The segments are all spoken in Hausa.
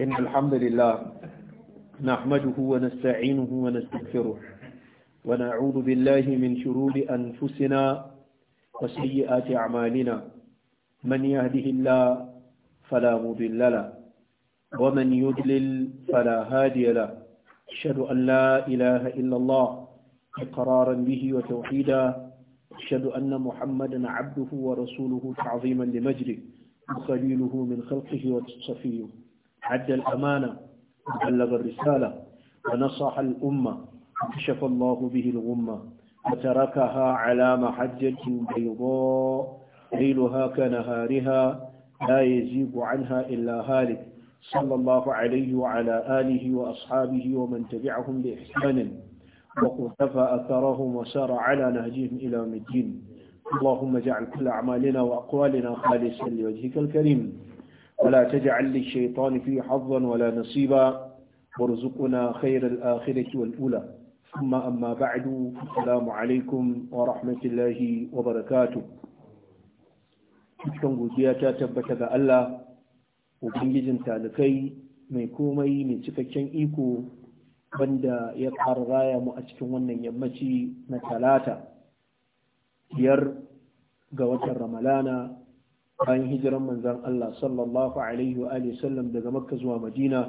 إن الحمد لله نحمده ونستعينه ونستغفره ونعوذ بالله من شرور أنفسنا وسيئات أعمالنا من يهده الله فلا مضل له ومن يضلل فلا هادي له أشهد أن لا إله إلا الله إقرارا به وتوحيدا أشهد أن محمدا عبده ورسوله تعظيما لمجده وخليله من خلقه وصفيه أدى الأمانة وبلغ الرسالة ونصح الأمة وكشف الله به الغمة وتركها على محجة بيضاء ليلها كنهارها لا يزيب عنها إلا هالك صلى الله عليه وعلى آله وأصحابه ومن تبعهم بإحسان وقتفى أثرهم وسار على نهجهم إلى مدين اللهم اجعل كل أعمالنا وأقوالنا خالصا لوجهك الكريم ولا تجعل للشيطان فيه حظا ولا نصيبا وارزقنا خير الآخرة والأولى ثم أما بعد السلام عليكم ورحمة الله وبركاته cikin godiya ta tabbata ga Allah ubangijin talikai mai komai mai cikakken iko banda ya ƙara raya mu a cikin wannan yammaci na talata biyar ga watan ramalana bayan hijiran manzan Allah sallallahu alaihi wa alihi sallam daga Makka zuwa Madina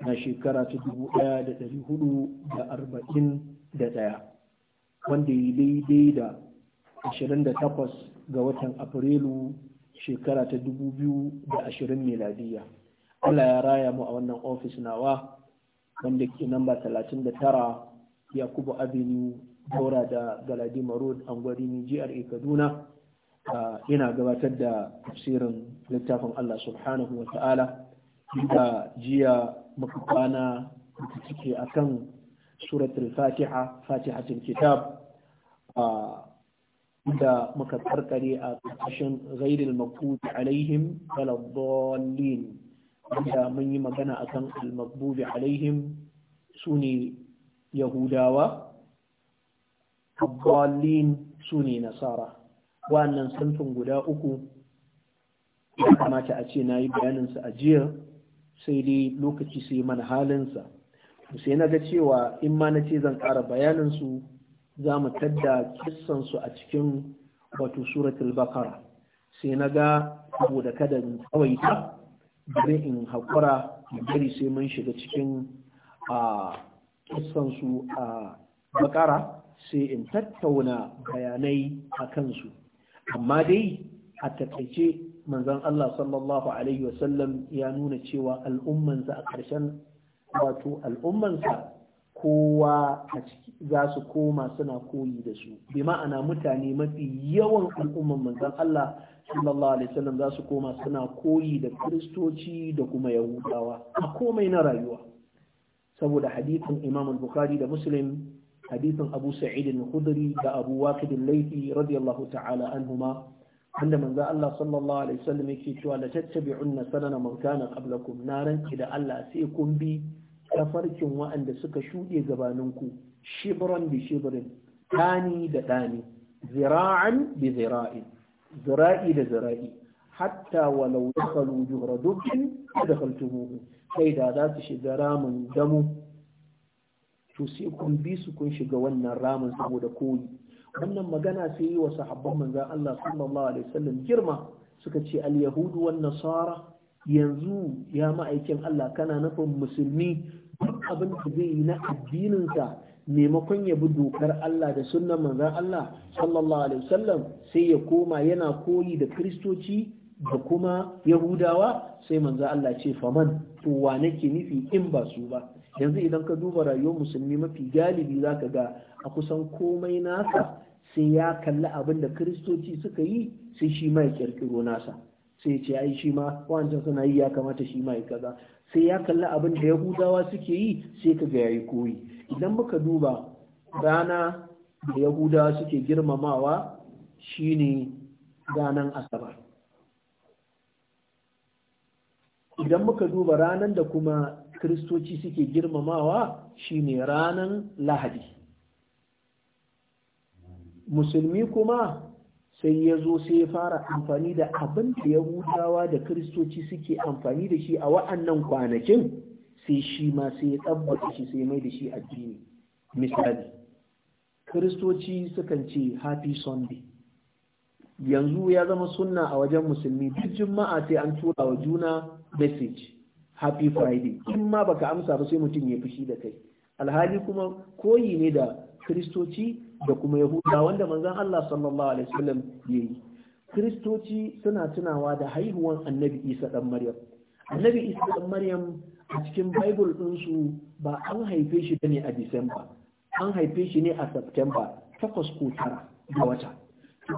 na shekara ta dubu ɗaya da ɗari hudu da arba'in da ɗaya wanda ya daidai da ashirin da takwas ga watan Afrilu shekara ta dubu biyu da ashirin miladiya. Allah ya raya mu a wannan ofis nawa wanda ke namba talatin da tara Yakubu Avenue Daura da Galadima Road Angwari GRA Kaduna. ina gabatar da tafsirin littafin Allah subhanahu wa ta'ala da jiya muka kwana da a kan suratul fatiha fatihatul kitab da muka karkare a ƙarƙashin ghairil maghdubi alaihim waladdallin da mun yi magana akan al-maghdubi alaihim sune yahudawa abdallin sune nasara wannan samfin guda uku ya kamata a ce na yi bayaninsa a jiya sai dai lokaci sai yi mana halinsa sai na ga cewa in ma na ce zan ƙara bayaninsu za mu tadda kissansu a cikin wato suratul bakara sai na ga da kada in ta, bari in haƙura bari sai mun shiga cikin a kissansu a bakara sai in tattauna bayanai a kansu amma dai a takaice manzon Allah sallallahu alaihi wasallam ya nuna cewa al'ummansa a ƙarshen wato al'ummansa kowa a ciki za su koma suna koyi da su bi ma'ana mutane mafi yawan al'umman manzon Allah sallallahu alaihi wasallam za su koma suna koyi da kiristoci da kuma yahudawa a komai na rayuwa saboda hadithin imam al-bukhari da muslim hadisin Abu Sa'id al-Khudri da Abu Waqid al-Laythi radiyallahu ta'ala anhuma wanda manzo Allah sallallahu alaihi wasallam yake cewa la tattabi'unna na man kana qablakum naran da Allah sai kun bi tafarkin waɗanda suka shuɗe gabaninku shibran bi shibrin tani da tani zira'an bi zira'i. zira'i da zira'i hatta walau dakhalu juhra dukkin da dakhaltumuhu sai da za su shiga ramin damu to sai kun bi su kun shiga wannan ramin saboda koyi wannan magana sai yi wa sahabban manzan Allah sallallahu alaihi wasallam girma suka ce al yahudu wan nasara yanzu ya ma'aikin Allah kana nufin musulmi duk abin da zai yi na addininsa maimakon ya bi dokar Allah da sunnan manzan Allah sallallahu alaihi wasallam sai ya koma yana koyi da kristoci da kuma yahudawa sai manzan Allah ce faman to wa nake nufi in ba su ba yanzu idan ka duba rayuwar musulmi mafi galibi za ka ga a kusan komai nasa sai ya kalli abin da kiristoci suka yi sai shi ma ya kirkiro nasa sai ce ai shi ma wancan suna yi ya kamata shi ma ya kaza sai ya kalli abin da yahudawa suke yi sai ka ga yayi koyi idan muka duba rana da yahudawa suke girmamawa shine ranar asabar idan muka duba ranar da kuma kiristoci suke girmamawa shine ranan lahadi musulmi kuma sai ya zo sai ya fara amfani da abin da yahudawa da kiristoci suke amfani da shi a wa'annan kwanakin sai shi ma sai ya tsabbata shi sai mai da shi addini misali kiristoci sukan ce happy sunday yanzu ya zama sunna a wajen musulmi duk juma'a sai an tura wa juna message happy friday in ma baka amsa ba sai mutum ya fushi da kai alhali kuma koyi ne da kristoci da kuma yahuda wanda manzon Allah sallallahu alaihi wasallam yayi kristoci suna tunawa da haihuwan annabi isa dan maryam annabi isa dan maryam a cikin bible su ba an haife shi ne a disamba an haife shi ne a september takwas ko tara da wata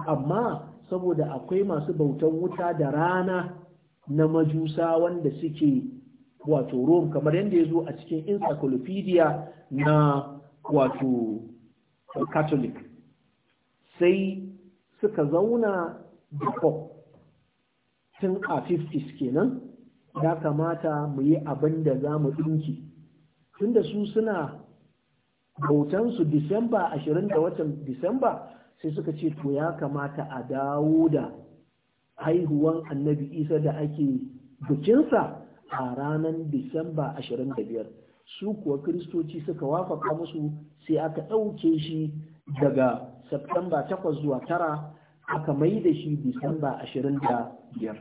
amma saboda akwai masu bautan wuta da rana na majusa wanda suke wato Rome kamar yadda ya zo a cikin encyclopedia na wato Catholic sai suka zauna da pop tun a 50s kenan ya kamata mu yi abin da za mu ɗinki tunda su suna bautansu Disamba 20 da watan Disamba sai suka ce to ya kamata a dawo da haihuwan annabi isa da ake bikinsa a ranar Disamba 25 su kuwa Kiristoci suka wafaka musu sai aka ɗauke shi daga Septemba 8 zuwa 9 aka mai da shi Disamba 25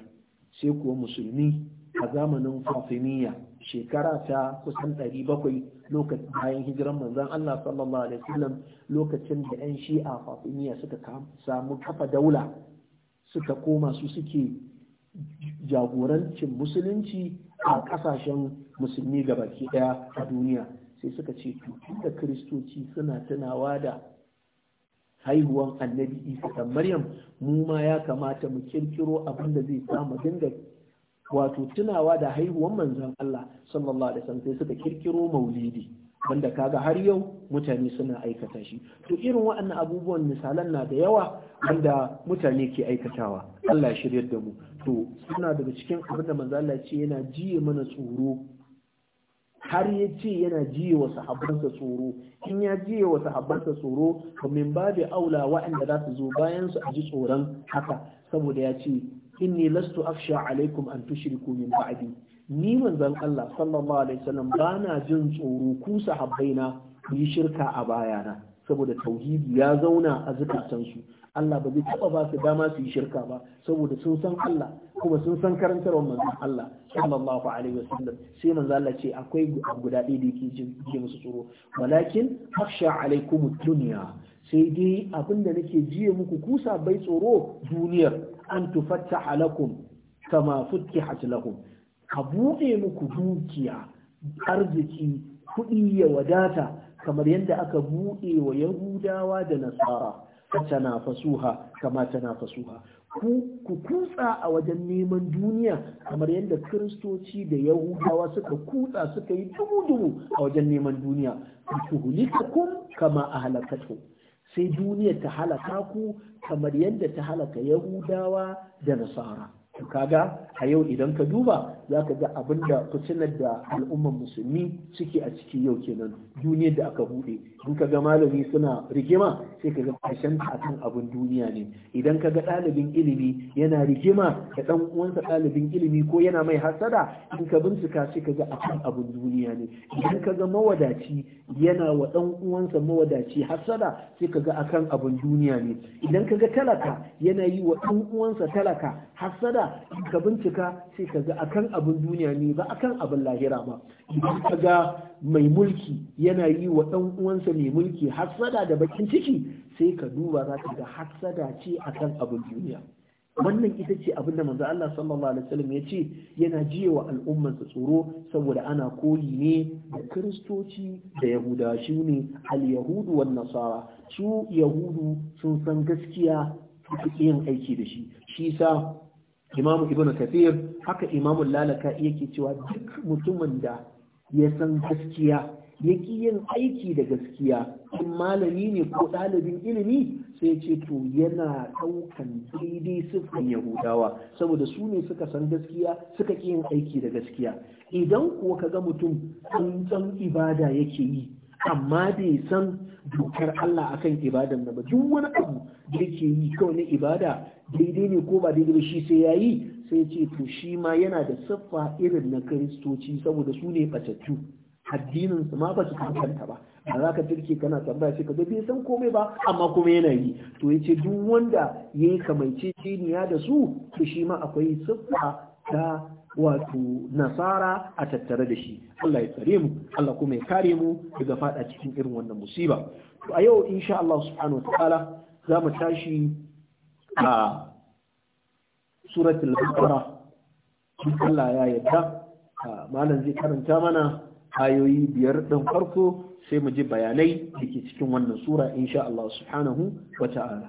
sai kuwa musulmi a zamanin Fatimiyya shekara ta kusan 700 lokacin bayan hijiran manzon Allah sallallahu alaihi wasallam lokacin da 'yan shi'a Fatimiyya suka samu kafa daula suka koma su suke jagorancin musulunci a kasashen musulmi baki daya a duniya sai suka ce da kiristoci suna tunawa da haihuwan annabi isa da maryam mu ma ya kamata mu kirkiro abin da zai samu dinga wato tunawa da haihuwan manzon Allah sallallahu alaihi wasallam sai suka kirkiro maulidi wanda kaga har yau mutane suna aikata shi to irin waɗannan abubuwan misalan na da yawa wanda mutane ke aikatawa Allah ya shiryar da mu to suna daga cikin abin da manzo Allah ce yana jiye mana tsoro har ya ce yana jiye wa sahabbansa tsoro in ya jiye wa sahabbansa tsoro to min babu aula waɗanda za su zo bayan su a ji tsoron haka saboda ya ce inni lastu afsha alaikum an tushriku min ba'di ni manzon Allah sallallahu alaihi wasallam bana jin tsoro ku sahabbaina ku yi shirka a bayana saboda tauhidi ya zauna a zukatansu Allah ba zai taba ba su dama su yi shirka ba saboda sun san Allah kuma sun san karantar manzon Allah sallallahu alaihi wasallam sai manzo Allah ce akwai guda ɗaya da yake ji musu tsoro walakin akhsha alaikum dunya sai dai abinda nake jiye muku kusa bai tsoro duniyar an tufattaha lakum kama futtihat lakum ka buɗe muku dukiya arziki kuɗi ya wadata kamar yadda aka buɗe wa yahudawa da nasara fasuha kama tanafasuha ku ku kutsa a wajen neman duniya kamar yadda kristoci da yahudawa suka kutsa suka yi dubu-dubu a wajen neman duniya ku tuhulikakum kama a ahlakatu sai duniya ta halaka ku kamar yadda ta halaka yahudawa da nasara to kaga a yau idan ka duba za ka ga abin da fitinar da al'ummar musulmi suke a ciki yau kenan Duniya da aka bude, in ka ga malami suna rigima sai ka ga ƙarshen a kan abin duniya ne idan ka ga ɗalibin ilimi yana rigima da ɗan uwansa ɗalibin ilimi ko yana mai hasada in ka bincika sai ka ga a kan abin duniya ne idan ka ga mawadaci yana wa ɗan uwansa mawadaci hasada sai ka ga akan abin duniya ne idan ka ga talaka yana yi wa ɗan uwansa talaka hasada Allah ka bincika sai ka ga akan abin duniya ne ba akan abin lahira ba idan ka ga mai mulki yana yi wa ɗan uwansa mai mulki hassada da bakin ciki sai ka duba za ka ga hassada ce akan abin duniya wannan ita ce abin da manzo Allah sallallahu alaihi wasallam ya ce yana jiyewa al'ummarsa tsoro saboda ana koyi ne da kristoci da yahuda shi ne al-yahudu wan nasara su yahudu sun san gaskiya su yin aiki da shi shi sa imam ibn kathir haka imam lalaka yake cewa duk mutumin da ya san gaskiya ya yin aiki da gaskiya in malami ne ko ɗalibin ilimi sai ce to yana ɗaukan daidai siffan yahudawa saboda su ne suka san gaskiya suka ki yin aiki da gaskiya idan kuwa kaga mutum tsantsan ibada yake yi amma bai san dokar Allah akan ibadan na ba duk wani abu da yake yi kawai na ibada daidai ne ko ba daidai ba shi sai yayi sai ce to shi ma yana da siffa irin na kristoci saboda su ne batattu addinin su ma ba su kankanta ba ba za ka tirke kana tambaya shi ka bai san komai ba amma kuma yana yi to ya ce duk wanda ya yi kamanceceniya da su to shi ma akwai siffa ta wato nasara a tattare da shi Allah ya tsare mu Allah kuma ya kare mu daga fada cikin irin wannan musiba to a yau insha Allah subhanahu wataala za mu tashi a suratul baqara Allah ya yarda malam zai karanta mana ayoyi biyar din farko sai mu ji bayanai da ke cikin wannan sura insha Allah subhanahu wa ta'ala.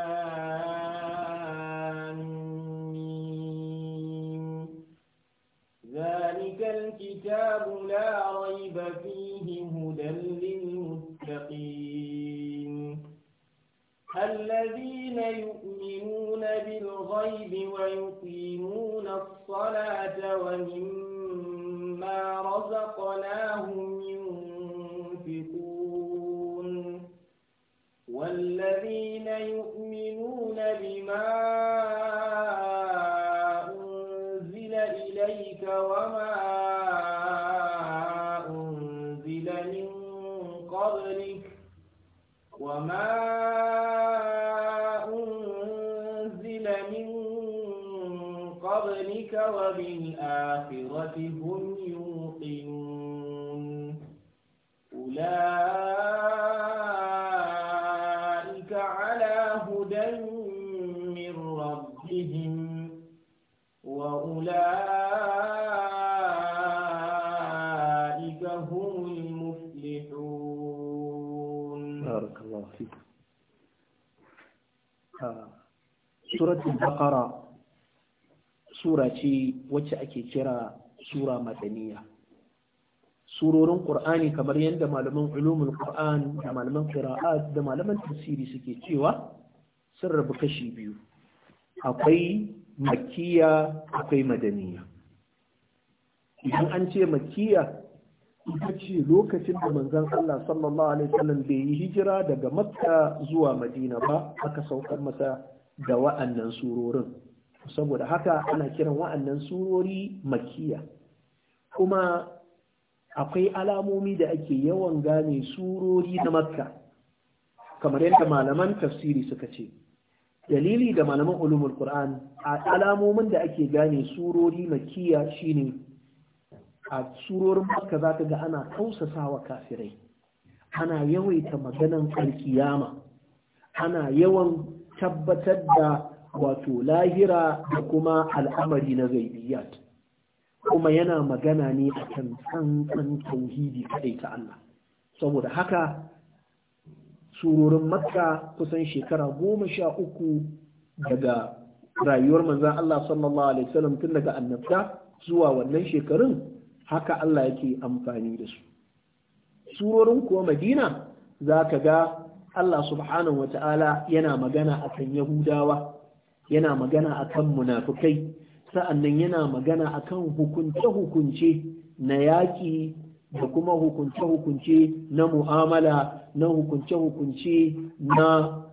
الذين يؤمنون بالغيب ويقيمون الصلاة ومما رزقناهم wacce ake kira sura madaniya surorin qur'ani kamar yadda malaman ulumul qur'an da malaman qira'at da malaman tafsiri suke cewa sun rabu kashi biyu akwai makiya akwai madaniya idan an ce makiya ita ce lokacin da manzon Allah sallallahu alaihi wasallam bai yi hijira daga makka zuwa madina ba aka saukar masa da wa'annan surorin saboda haka ana kiran wa'annan surori makiya kuma akwai alamomi da ake yawan gane surori na makka kamar yadda malaman tafsiri suka ce dalili da malaman ulumul qur'an a alamomin da ake gane surori makiya shine a surorin makka za ka ga ana tausasawa kafirai ana yawaita maganan alkiyama ana yawan tabbatar da wato lahira da kuma al'amari na zaibiyat kuma yana magana ne a kan tsantsan tauhidi kadai ta Allah saboda haka surorin makka kusan shekara goma sha uku daga rayuwar manzan Allah sallallahu alaihi wasallam tun daga annabta zuwa wannan shekarun haka Allah yake amfani da su surorin kuwa madina za ka ga Allah subhanahu wa ta'ala yana magana a kan Yahudawa yana magana a kan munafukai sa'annan yana magana a kan hukunce-hukunce na yaƙi da kuma hukunce-hukunce na mu'amala na hukunce-hukunce na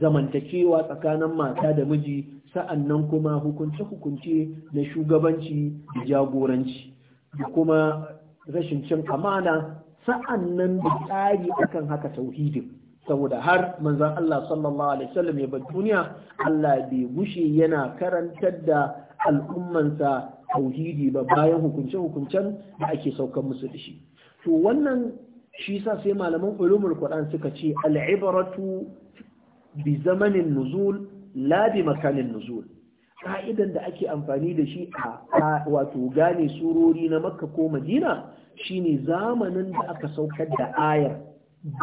zamantakewa tsakanin mata da miji sa'annan kuma hukunce-hukunce na shugabanci da jagoranci da kuma rashin cin amana sa'annan da tsari akan haka tauhidin saboda har manzon Allah sallallahu alaihi wasallam ya bar duniya Allah bai gushe yana karantar da al'ummansa tauhidi ba bayan hukunce-hukuncen da ake saukan musu da shi to wannan shi sa sai malaman ulumul Qur'an suka ce al'ibaratu bi zamanin nuzul la bi makanin nuzul ka'idan da ake amfani da shi a wato gane surori na makka ko madina shine zamanin da aka saukar da ayar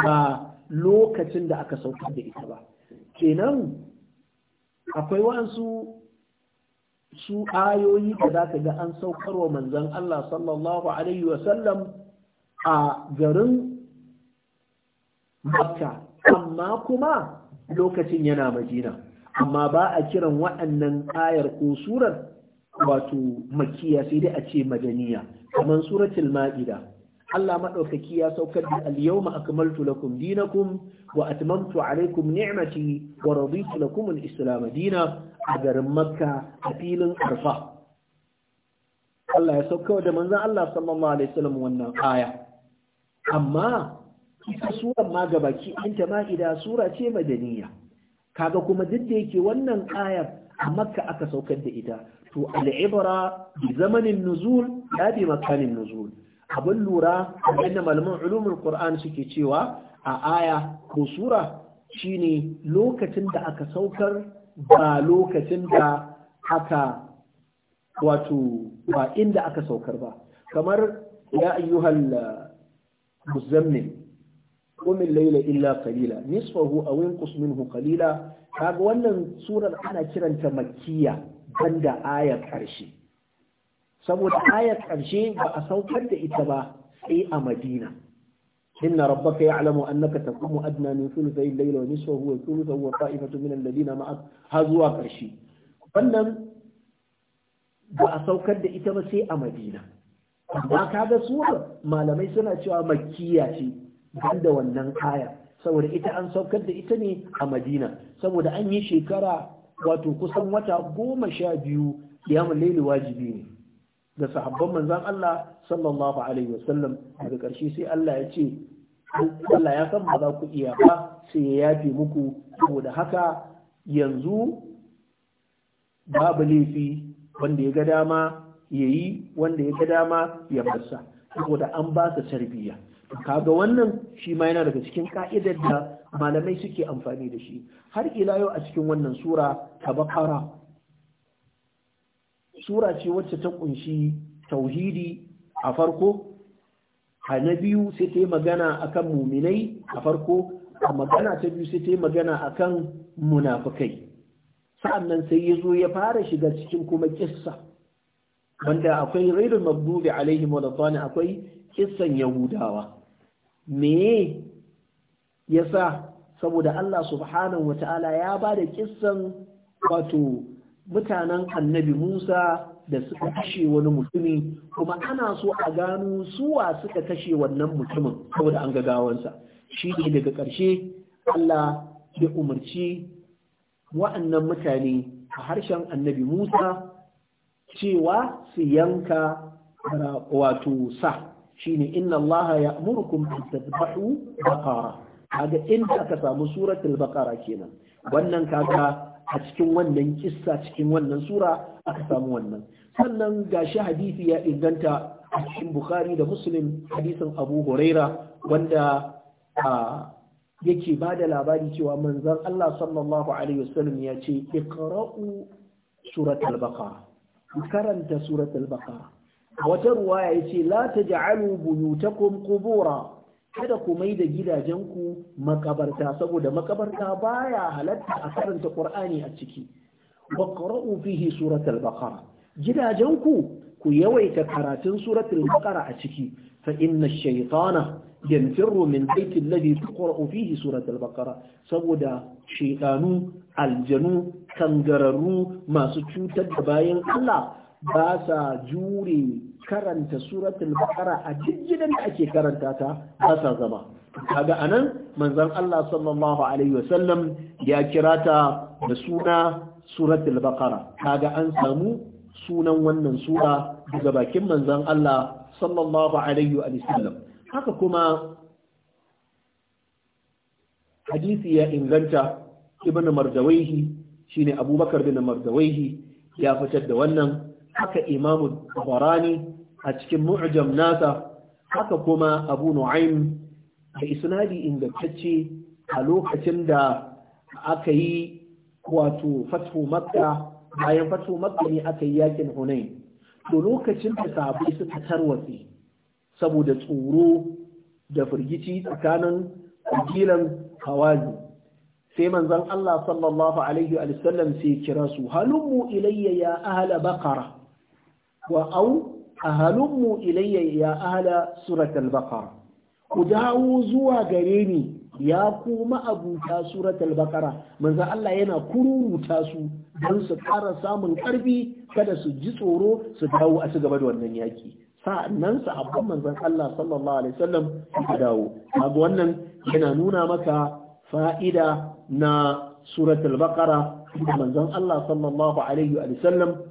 ba lokacin da aka sauka da ita ba kenan akwai wa'ansu su ayoyi da za ka ga an saukar wa manzan Allah sallallahu alaihi wasallam a garin Makka amma kuma lokacin yana majina. amma ba a kiran waɗannan ayar ko surar wato makiya sai dai a ce madaniya kamar suratul ma'ida Allah maɗaukaki ya saukar da al-yawma akmaltu lakum dinakum wa atmamtu alaikum ni'mati wa raditu lakum al-islam dina a garin Makka a filin Arfa Allah ya saukar da manzon Allah sallallahu alaihi wasallam wannan aya amma ita surar ma gabaki ta ma ida sura ce madaniya kaga kuma duk da yake wannan ayar a makka aka saukar da ita to al'ibra bi zamanin nuzul ya bi makanin nuzul abin lura yadda malaman ulumin qur'an suke cewa a aya ko sura shine lokacin da aka saukar ba lokacin da aka wato ba inda aka saukar ba kamar ya ayyuhal muzammil قم الليل إلا قليلا نصفه أو ينقص منه قليلا kaga wannan surar ana kiranta makkiya banda ayar karshe saboda ayar ƙarshe ba a saukar da ita ba sai a madina inna rabbaka ya'lamu annaka taqumu adna min thuluthay al-layli wa nisfahu wa thuluthahu wa ta'ifatu min alladhina ma'ak zuwa ƙarshe wannan ba a saukar da ita ba sai a madina amma kaga suwar malamai suna cewa makkiya ce ban da wannan aya saboda ita an saukar da ita ne a madina saboda an yi shekara wato kusan wata goma sha biyu ya laili wajibi ne da sahabban manzan Allah sallallahu alaihi wasallam daga ƙarshe sai Allah ya ce Allah ya san ba za ku iya ba sai ya yafe muku saboda haka yanzu babu laifi wanda ya ga dama ya yi wanda ya ga dama ya barsa saboda an ba sa tarbiyya kaga wannan shi ma yana daga cikin ka'idar da malamai suke amfani da shi har ila yau a cikin wannan sura ta bakara sura ce wacce ta kunshi tauhidi a farko a na biyu sai ta yi magana a kan muminai a farko a magana ta biyu sai ta yi magana a kan munafukai sa'annan sai ya zo ya fara shiga cikin kuma kissa wanda akwai raidul magdubi alaihim wa akwai kissan yahudawa me ya sa saboda Allah subhanahu Ta'ala ya ba da kissan wato mutanen annabi Musa da suka kashe wani mutumi kuma ana so a gano suwa suka kashe wannan mutumin saboda an gagawansa shi ne daga ƙarshe Allah ya umarci wa'annan mutane a harshen annabi Musa cewa su yanka wato sa shine inna Allah ya amurkum an tadbahu baqara kaga inda aka samu suratul baqara kenan wannan kaga a cikin wannan kissa cikin wannan sura aka samu wannan sannan gashi hadisi ya inganta a cikin bukhari da muslim hadisin abu huraira wanda yake ba da labari cewa manzon allah sallallahu alaihi wasallam ya ce iqra'u surat al-baqara karanta surat al-baqara wata ruwaya ce la taj'alu buyutakum qubura kada ku mai da gidajenku makabarta saboda makabarta baya halatta a karanta Qur'ani a ciki baqra'u fihi suratul baqara gidajenku ku yawaita karatun suratul baqara a ciki fa inna shaytana yanfiru min baiti alladhi tuqra'u fihi suratul baqara saboda shaytanu aljanu kangararru masu cutar da bayan Allah ba sa jure karanta suratul baqara a duk gidan da ake karanta ta ba sa zama kaga anan manzon Allah sallallahu alaihi wasallam ya kira ta da suna suratul baqara kaga an samu sunan wannan sura daga bakin manzon Allah sallallahu alaihi haka kuma hadisi ya inganta ibnu mardawaihi shine abubakar bin mardawaihi ya fitar da wannan haka imamu barani a cikin mu'jam nasa haka kuma abu Nu'aim, a isnadi ingantacce a lokacin da aka yi wato fathu makka bayan fathu makka ne aka yi yakin hunain to lokacin da sahabbai suka tarwatse saboda tsoro da firgici tsakanin kabilan hawazi sai manzon Allah sallallahu alaihi wa sallam sai kira su halummu ilayya ya ahla baqara wa au ahalummu ilayya ya ahla surat al-baqara ku dawo zuwa gare ni ya kuma abuta surat al-baqara manzo Allah yana kururuta su don su ƙara samun ƙarfi kada su ji tsoro su dawo a cigaba da wannan yaki sa'annan abban manzon Allah sallallahu alaihi wasallam ku dawo kaga wannan yana nuna maka fa'ida na surat al-baqara manzon Allah sallallahu alaihi wasallam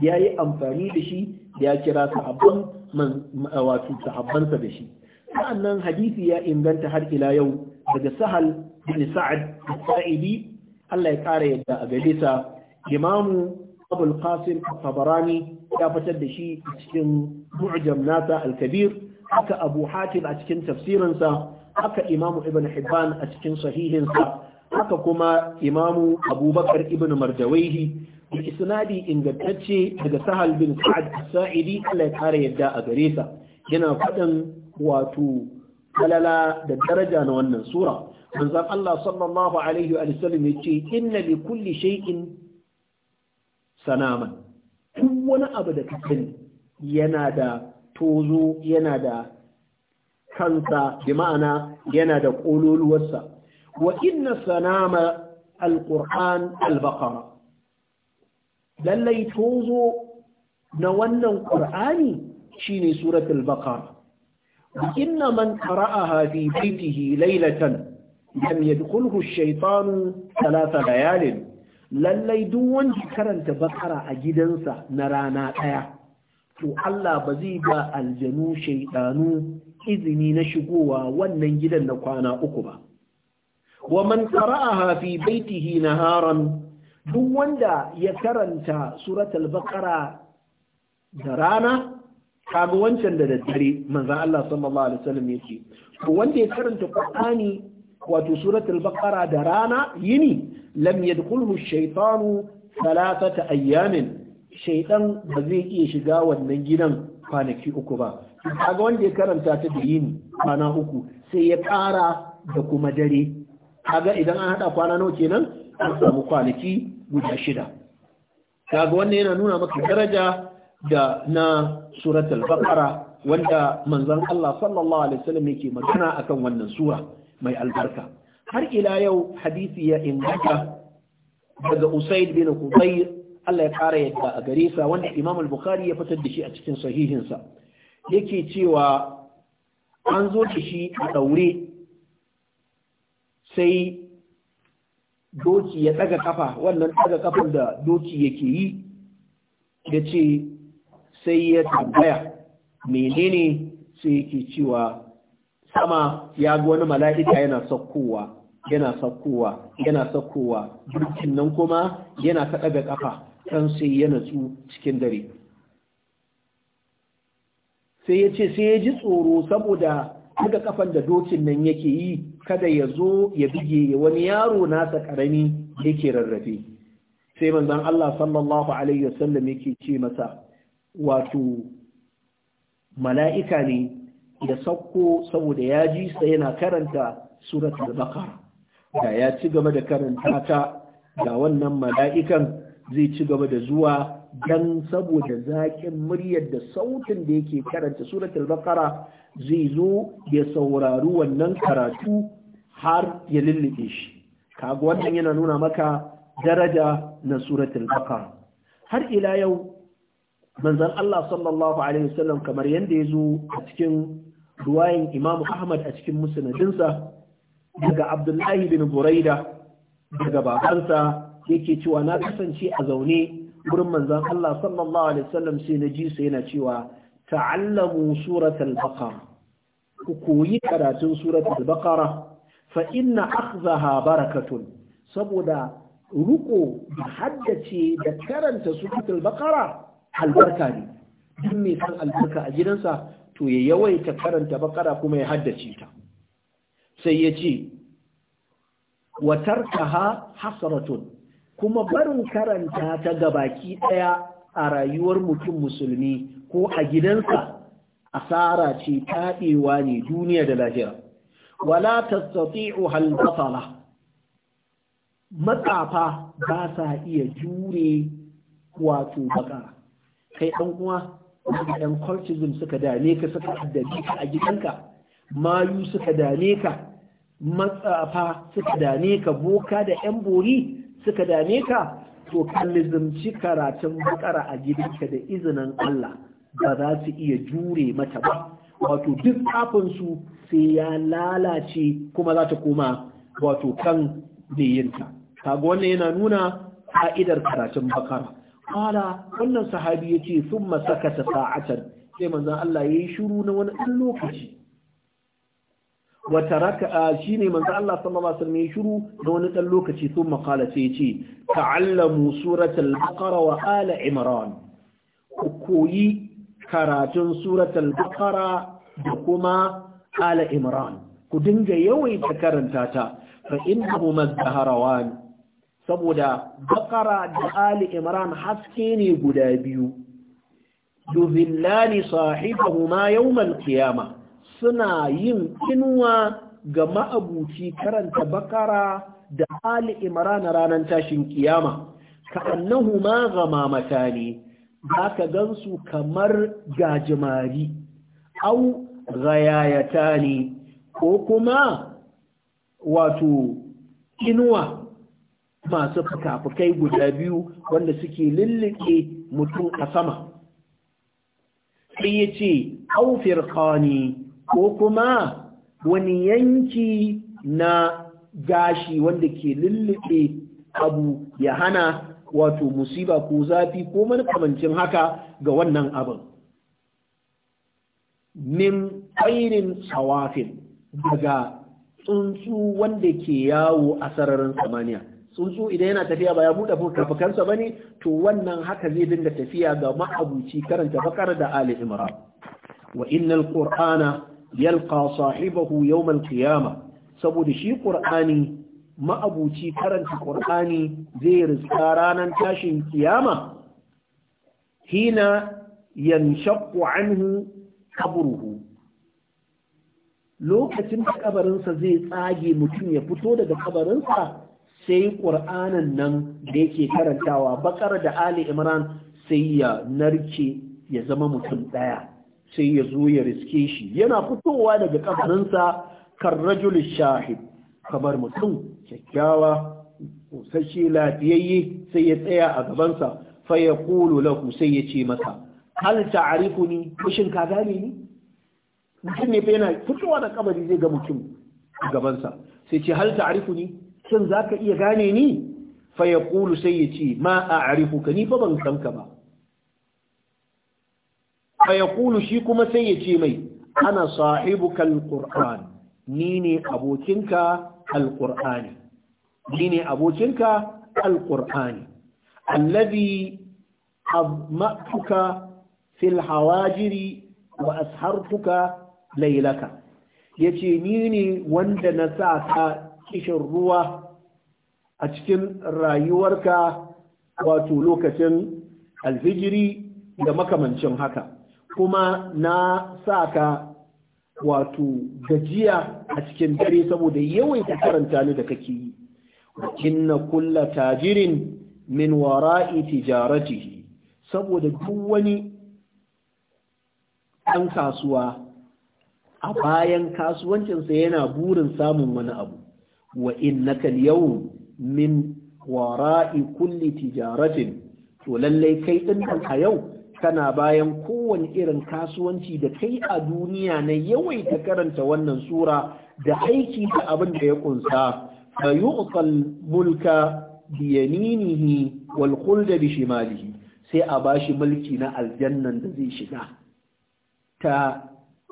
yayi amfani da shi ya kira sahabban man wato sahabbansa da shi sa'annan hadisi ya inganta har ila yau daga sahal bin sa'ad sa'idi Allah ya kara yadda a gare sa imamu abul qasim tabarani ya fitar da shi cikin mu'jam nasa al-kabir haka abu hatim a cikin tafsirinsa haka imamu ibn hibban a cikin sahihinsa haka kuma imamu abubakar ibn mardawaihi da isnadi ingantacce daga sahal bin sa'ad sa'idi Allah ya kare yadda a gare sa yana faɗan wato kalala da daraja na wannan sura manzon Allah sallallahu alaihi wa sallam yace inna bi kulli shay'in sanaman duk wani abu da ka yana da tozo yana da kansa bi ma'ana yana da kololuwarsa wa inna sanama alquran albaqara lallai tozo na wannan ƙur'ani shine suratul baqara inna man qara'aha fi baytihi laylatan lam yadkhulhu ash-shaytanu thalatha layalin lallai duk wanda karanta bakara a gidansa na rana ɗaya to Allah ba zai ba aljanu shaidanu izini na shigowa wannan gidan na kwana uku ba wa man qara'aha fi baitihi naharan duk wanda ya karanta suratul baƙara baqara da rana kaga wancan da daddare manzon Allah sallallahu alaihi wasallam yake to wanda ya karanta qur'ani wato suratul baqara da rana yini lam yadkhulhu ash-shaytanu thalathata ayyamin shaytan ba zai iya shiga wannan gidan kwanaki uku ba kaga wanda ya karanta ta da yini kwana uku sai ya kara da kuma dare kaga idan an hada kwana nawa kenan an samu kwanaki guda shida kaga wannan yana nuna maka daraja da na suratul baqara wanda manzon Allah sallallahu alaihi wasallam yake magana akan wannan sura mai albarka har ila yau hadisi ya inganta daga Usaid bin Qubayr Allah ya ƙara yadda a gare sa wanda Imam al-Bukhari ya fitar da shi a cikin sahihinsa yake cewa an zo da shi a daure sai doki ya ɗaga kafa wannan ɗaga kafin da doki yake yi ya ce sai ya tambaya menene sai yake cewa sama ya ga wani mala'ika yana saukowa yana saukowa yana saukowa dukkin nan kuma yana ta ɗaga kafa kan sai ya natsu cikin dare sai ya ce sai ya ji tsoro saboda daga kafan da dokin nan yake yi kada ya zo ya bige wani yaro nasa karami yake rarrafe sai manzon Allah sallallahu alaihi wasallam yake ce masa wato mala'ika ne ya sauko saboda ya ji sa yana karanta suratul baqara da ya ci gaba da karanta ta da wannan mala'ikan zai ci gaba da zuwa dan saboda zaƙin muryar da sautin da yake karanta suratul baqara zai zo ya saurari wannan karatu har ya lullube shi kaga wannan yana nuna maka daraja na suratul baqara har ila yau manzon Allah sallallahu alaihi wasallam kamar yadda ya zo a cikin ruwayin Imam Ahmad a cikin musnadinsa daga Abdullahi bin Buraida daga babansa yake cewa na kasance a zaune gurin manzan Allah sallallahu alaihi wasallam sai na ji sai yana cewa ta'allamu suratal baqara ku koyi karatun suratul baqara fa akzaha akhzaha barakatun saboda ruko da haddace da karanta suratul baƙara, albarka ne duk mai san albarka a gidansa to ya yawaita karanta baƙara kuma ya haddace ta sai ya ce wa tarkaha hasratun kuma barin karanta ta gabaki ɗaya a rayuwar mutum musulmi ko a gidansa asara ce taɗewa ne duniya da lahira wala tastati'u hal basala matsafa ba sa iya jure wato baƙa. kai ɗan wani ɗan cultism suka dame ka suka addabi ka a gidanka mayu suka dame ka matsafa suka dame ka boka da 'yan bori suka dame ka to kallizumci karatun bakara a gidanka da izinin Allah ba za su iya jure mata ba wato duk kafin su sai ya lalace kuma za ta koma wato kan yinta. kaga wannan yana nuna fa'idar karatun bakara kala wannan sahabi yace summa sakata sa'atan sai manzon Allah yayi shiru na wani ɗan lokaci Wata raka'a shine manzo Allah sallallahu alaihi wasallam ya shiru da wani dan lokaci sun qala sai yace ta'allamu suratul baqara wa ala imran ku koyi karatun suratul baqara da kuma ala imran ku dinga yawaita karanta ta fa innahu mazharawan saboda baqara da ali imran haske ne guda biyu yuzillani sahibahuma yawmal qiyamah suna yin inuwa ga ma'abuci karanta bakara da ali na ranar tashin kiyama annahu ma gamamata ne za ka su kamar gajimari au gayayata ne ko kuma wato inuwa masu fukafukai guda biyu wanda suke lullike mutum a sama sai ya ce au firkani ko kuma wani yanki na gashi wanda ke lullube abu ya hana wato musiba ko zafi ko makamancin haka ga wannan abin min ƙairin sawafin daga tsuntsu wanda ke yawo a sararin samaniya tsuntsu idan yana tafiya ba ya buɗe fukafukansa ba ne to wannan haka zai dinga tafiya ga ma'abuci karanta bakar da ali imran wa innal qur'ana yalqa sahibahu yawm al saboda shi qur'ani ma'abuci karanta qur'ani zai riska ranan tashin kiyama hina yanshaqu anhu qabruhu lokacin da sa zai tsage mutum ya fito daga ƙabarinsa, sai ƙur'anin nan da yake karantawa bakar da ali imran sai ya narke ya zama mutum ɗaya sai ya zo ya riske shi yana fitowa daga kafarinsa kan rajul shahid kamar mutum kyakkyawa sashi lafiyayye sai ya tsaya a gabansa fa ya kulu lahu sai ya ce masa hal ta'arifu ni kushin ka gane ni mutum ne fa yana fitowa da kabari zai ga mutum a gabansa sai ce hal ta'arifu ni shin zaka iya gane ni fa ya kulu sai ya ce ma ka ni fa ban san ka ba Fayaqulu shi kuma sai ya ce mai ana sahibuka alquran ni ne abokinka alqurani ni ne abokinka alqurani alladhi azmatuka fil hawajiri wa ashartuka laylaka yace ni ne wanda na sa ka kishin ruwa a cikin rayuwarka wato lokacin alhijiri da makamancin haka kuma na sa ka wato gajiya a cikin dare saboda yawaita karanta ni da kake yi inna kulla tajirin min wara'i tijaratihi saboda duk wani ɗan kasuwa a bayan kasuwancinsa yana burin samun wani abu wa innaka yau min wara'i kulli tijaratin to lallai kai ɗin a yau kana bayan kowane irin kasuwanci da kai a duniya na yawaita karanta wannan sura da aiki da abin da ya kunsa fa yu'tal mulka bi yaminihi wal khulda bi shimalihi sai a bashi mulki na aljannan da zai shiga ta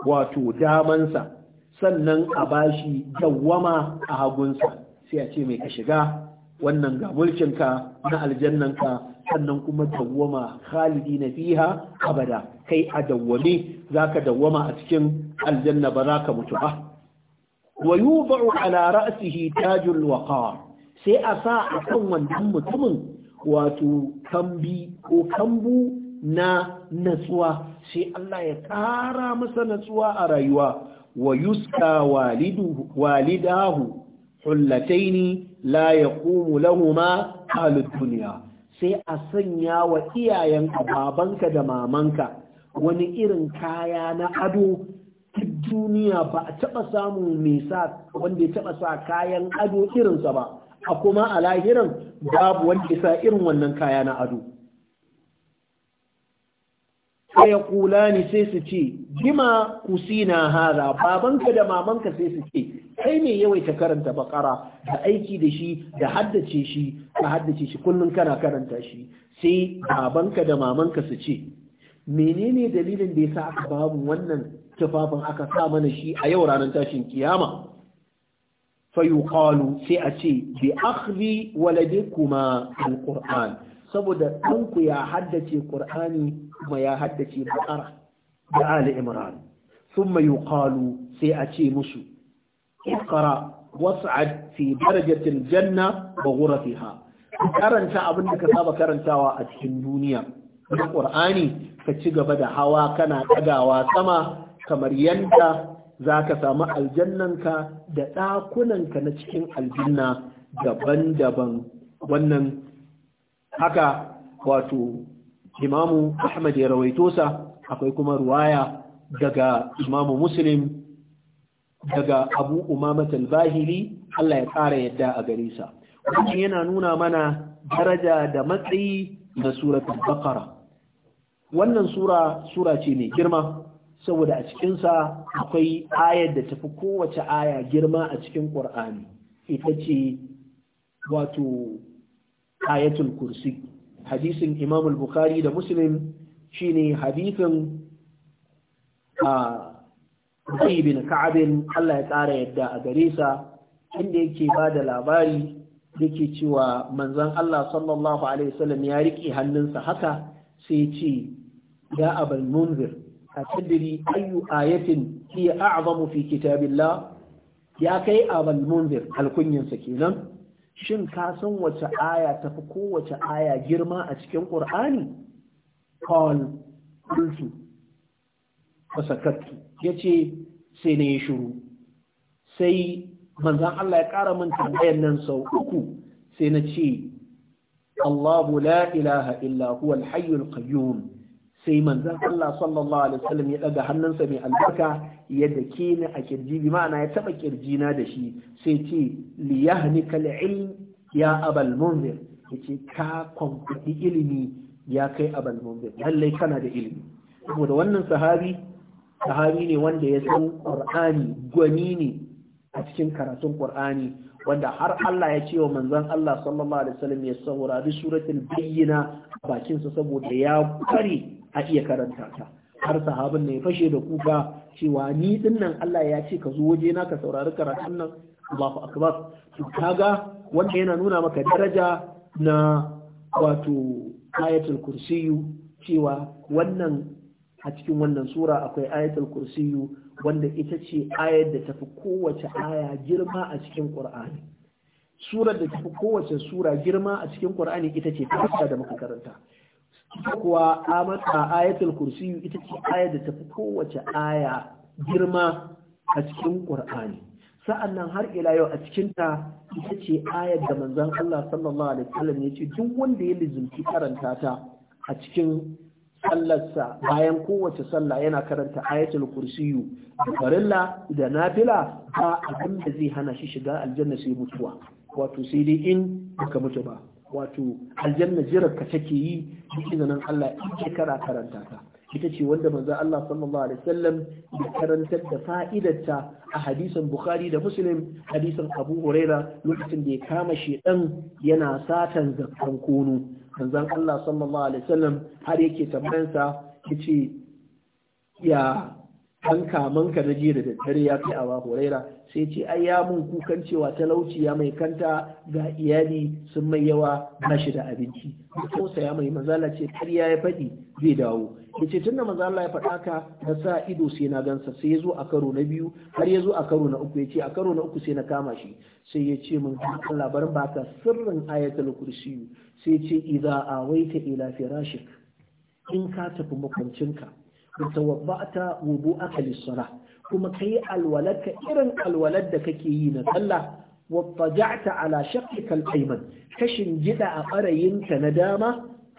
wato damansa sannan a bashi dawwama a hagunsa sai a ce mai ka shiga wannan ga mulkinka na aljannanka sannan kuma dawwama khalidi na fiha abada kai a dawwame zaka dawwama a cikin aljanna ba za ka mutu ba wa yuba'u ala ra'sihi tajul waqar sai a sa a kan wannan mutumin wato kambi ko kambu na natsuwa sai Allah ya kara masa natsuwa a rayuwa wa yuska walidahu hullataini la yaqumu lahuma ahlud dunya sai a sanya wa iyayenka babanka da mamanka wani irin kaya na ado duniya ba a taɓa samun nisa wanda ya taɓa sa kayan ado irinsa ba a kuma a lahirin babu wanda ya sa irin wannan kaya na ado sai ya kula ni sai su ce jima kusina hada babanka da mamanka sai su ce kai me yawaita karanta bakara da aiki da shi da haddace shi ka haddace shi kullum kana karanta shi sai babanka da mamanka su ce menene dalilin da yasa aka babu wannan tufafin aka sa mana shi a yau ranar tashin kiyama fa yuqalu sai a ce bi akhli waladikuma alquran saboda ɗanku ya haddace qur'ani kuma ya haddace bakara da ali imran thumma yuqalu sai a ce musu iqra was'ad fi darajatil janna wa ghurafiha karanta abin da ka saba karantawa a cikin duniya da qur'ani ka ci gaba da hawa kana ɗagawa sama kamar yanda zaka samu aljannanka da dakunanka na cikin aljanna daban-daban wannan haka wato imamu ahmad ya rawaito sa akwai kuma ruwaya daga imamu muslim daga abu umamat al-bahili Allah ya ƙara yadda a gare sa wannan yana nuna mana daraja da matsayi na suratul baqara wannan sura sura ce mai girma saboda a cikin sa akwai ayar da tafi kowace aya girma a cikin qur'ani ita ce wato ayatul kursi hadisin imam al-bukhari da muslim shine hadisin a ah, Ubay bin Ka'abin Allah ya ƙara yadda a gare sa inda yake ba da labari yake cewa manzon Allah sallallahu alaihi wasallam ya riƙe hannunsa haka sai ce ya abul munzir a tadiri ayu ayatin fi a'zamu fi kitabillah ya kai abul munzir alkunyansa kenan shin ka san wace aya tafi kowace aya girma a cikin qur'ani qul fasakattu ya ce sai na shiru shuru sai manzan Allah ya ƙara min tambayar nan sau uku sai na ce Allahu la ilaha illa huwa al-hayyul qayyum sai manzan Allah sallallahu alaihi wasallam ya daga hannunsa mai albarka ya dake ni a kirji bi ma'ana ya taba kirji na da shi sai ce li yahnika al-ilm ya abal munzir yace ka kwamfudi ilimi ya kai abal munzir lallai kana da ilimi saboda wannan sahabi sahabi ne wanda ya san ƙur'ani gwani ne a cikin karatun ƙur'ani wanda har Allah ya ce wa manzon Allah sallallahu alaihi wasallam ya saurari suratul bayyina a bakinsa saboda ya kare a iya karanta ta har sahabin ne fashe da kuka cewa ni nan Allah ya ce ka zo waje na ka saurari karatun nan Allahu akbar to kaga wanda yana nuna maka daraja na wato ayatul kursiyu cewa wannan a cikin wannan sura akwai ayatul kursiyu wanda ita ce ayar da tafi kowace aya girma a cikin qur'ani surar da tafi kowace sura girma a cikin qur'ani ita ce ta da muka karanta kuwa amata ayatul kursiyu ita ce ayar da tafi kowace aya girma a cikin qur'ani sa'an nan har ila yau a cikin ta ita ce ayar da manzon Allah sallallahu alaihi wasallam ya ce duk wanda ya lizumci karanta ta a cikin sallarsa bayan kowace sallah yana karanta ayatul kursiyu da farilla da nafila ba abin da zai hana shi shiga aljanna sai mutuwa wato sai dai in baka mutu ba wato aljanna jirar ka take yi duk nan Allah in kana karanta ta ita ce wanda manzo Allah sallallahu alaihi wasallam ya karantar da fa'idarta a hadisin Bukhari da Muslim hadisin Abu Huraira lokacin da ya kama shedan yana satan zakkan kunu manzon Allah sallallahu alaihi wasallam har yake tambayansa yace ya an manka na jiya da daddare ya kai awa huraira sai ce ai ya mun kukan cewa talauci ya mai kanta ga iyali sun mai yawa ba shi da abinci ko ya mai mazala ce karya ya faɗi zai dawo yace tunda mazala ya faɗa ka na sa ido sai na gansa sai ya zo a karo na biyu har ya zo a karo na uku ya ce a karo na uku sai na kama shi sai ya ce min labarin baka sirrin ayatul kursiyu sai ce a awaita ila firashik in ka tafi makwancinka tawabbata wudu'aka lis-salah kuma kai alwalaka irin alwalar da kake yi na sallah wattaja'ta ala shaqqika al-ayman kashin jida a barayinka na dama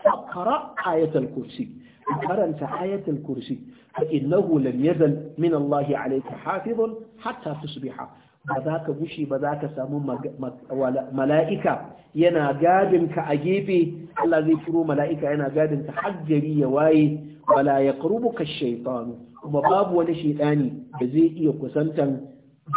faqra ayatul kursi karanta ayatul kursi fa innahu lam yazal min Allah alayka hafizun hatta tusbiha ba za ka gushe ba za ka samu mala'ika yana gadinka a gefe Allah zai turo mala'ika yana gadinka har gari ya waye bala ya ka shaitanu kuma babu wani shaitani da zai iya kusantan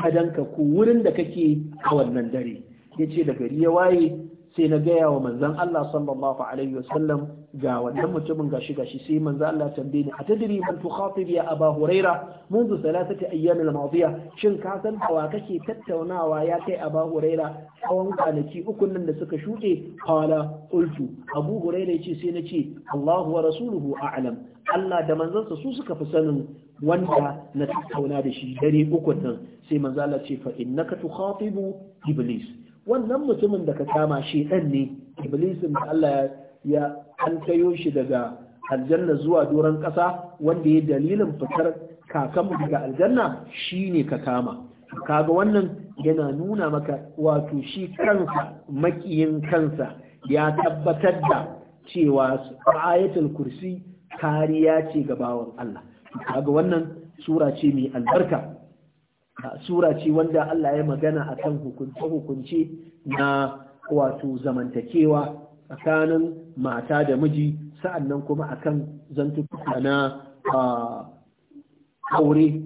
hadanka ko wurin da kake a wannan dare ya ce da gari ya waye sai na gaya wa manzon Allah sallallahu alaihi wasallam ga wannan mutumin gashi gashi sai manza Allah tambaye ni tadiri man tukhatib ya aba huraira منذ ثلاثة أيام الماضية shin ka san wa kake tattaunawa ya kai aba huraira tsawon kwanaki uku nan da suka shuɗe qala qultu abu huraira yace sai nace Allah wa rasuluhu a'lam Allah da manzansa su suka fi sanin wanda na tattauna da shi dare uku nan sai manzo Allah ce fa innaka tukhatibu iblis wannan mutumin da ka kama shi ɗan ne iblisin da Allah ya an shi daga aljanna zuwa doron ƙasa wanda ya dalilin fitar kakanmu daga aljanna Shi ne ka kama kaga wannan yana nuna maka wato shi kansa makiyin kansa ya tabbatar da cewa ayatul kursi kariya ce ga bawan Allah kaga wannan sura ce mai albarka sura ce wanda Allah ya magana akan hukunce-hukunce na wato zamantakewa tsakanin mata da miji sa'annan kuma a akan zantukuka na aure